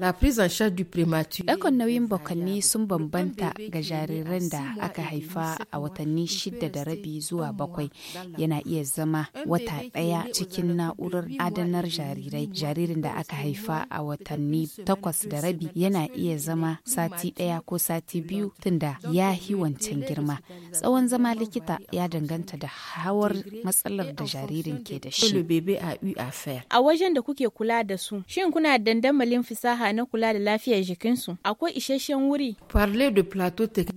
La prise nauyin bakanni sun bambanta ga jariran da aka haifa a watanni shida da rabi zuwa bakwai yana iya zama wata ɗaya cikin na'urar adanar jarirai. Jaririn da aka haifa a watanni takwas da rabi yana iya zama sati ɗaya ko sati biyu tunda ya yi wancan girma. Tsawon zama likita ya danganta da hawar matsalar da jaririn ke da shi. A wajen da kuke kula da su, shin kuna dandamalin fasaha na kula da lafiyar jikinsu akwai isasshen wuri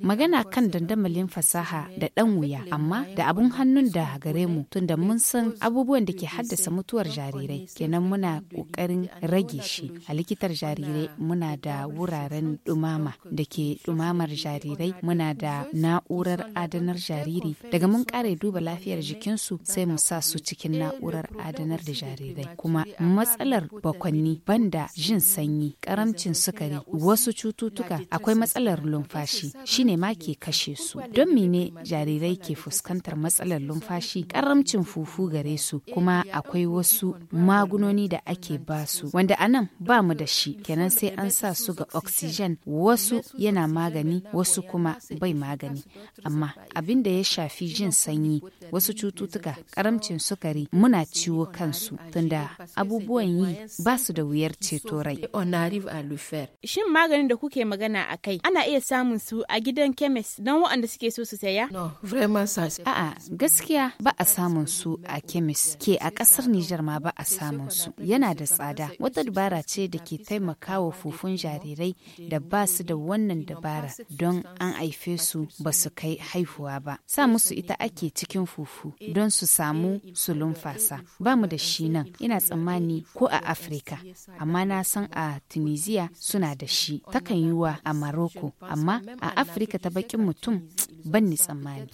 magana kan dandamalin fasaha da ɗan wuya amma da abun hannun da gare mu tunda mun san abubuwan da ke haddasa mutuwar jarirai kenan muna ƙoƙarin rage shi a likitar jarirai muna da wuraren dumama da ke dumamar jarirai muna da na'urar adanar jariri daga mun kare duba lafiyar jikinsu sai mu sa su cikin na'urar adanar da jarirai kuma matsalar bakwanni banda jin sanyi karamcin sukari wasu cututtuka akwai matsalar lumfashi shine ma ke kashe su don mene jarirai ke fuskantar matsalar lumfashi karamcin fufu gare su kuma akwai wasu magunoni da ake ba su wanda anan ba mu da shi kenan sai an sa su ga oxygen wasu yana magani wasu kuma bai magani amma abin da ya shafi jin sanyi wasu cututtuka karamcin sukari muna ciwo kansu tunda abubuwan yi ba su da wuyar ceto rai arrive a lufer Shin maganin da kuke magana a kai ana iya samun su a gidan kemis don waɗanda suke so su saya? No, vraiment ça A'a, gaskiya ba a samun su a kemis ke a ƙasar Nijar ma ba a samun su. Yana da tsada. Wata dabara ce da ke taimakawa fufun jarirai da ba su da wannan dabara don an haife su ba su kai haihuwa ba. Sa musu ita ake cikin fufu don su samu su lumfasa. Ba mu da shi nan. Ina tsammani ko a Afirka, amma na san a tunisia suna da shi takan yi wa a maroko amma a afirka ta bakin mutum ban ni tsammani